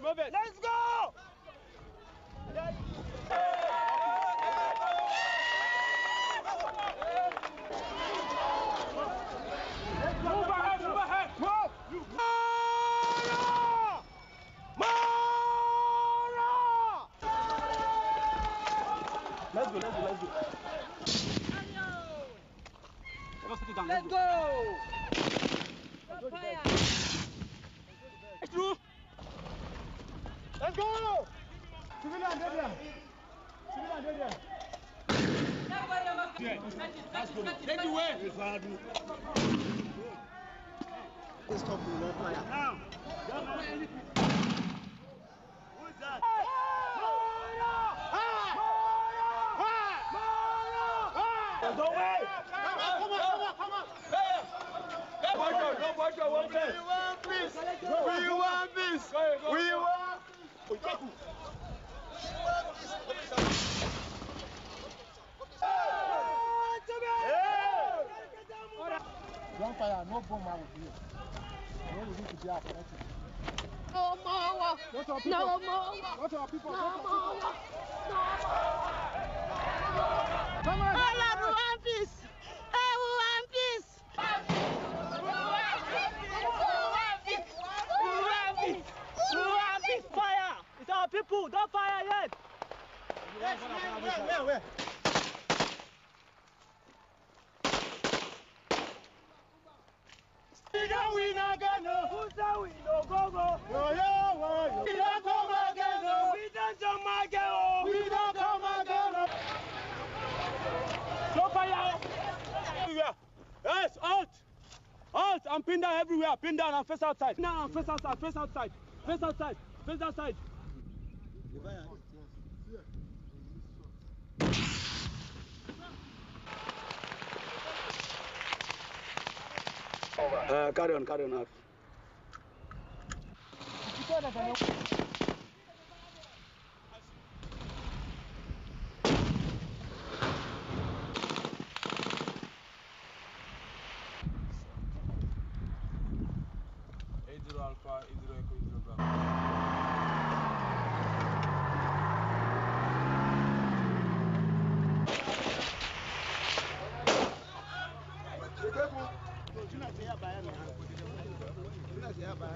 Move it! Let's go, let's go, let's go. Let's go! Let's go. This top We want peace! We want peace! We One fire, no bomb I will be. I want you to be our No more. What are people? No more. What are people? No more. No more. debout, don't fire yet. Yes, man, well, well, well. Who's that we no go go? Yo We don't come again, no. We don't come again, We don't come again, no. fire. Everywhere. Yes, out. I'm pin down everywhere. Pin down face outside. Pin down I'm face outside. Face outside. Face outside. Face outside. Uh, carry on, carry on out. Eight zero alpha, eight zero echo, eight zero bravo. siya ba?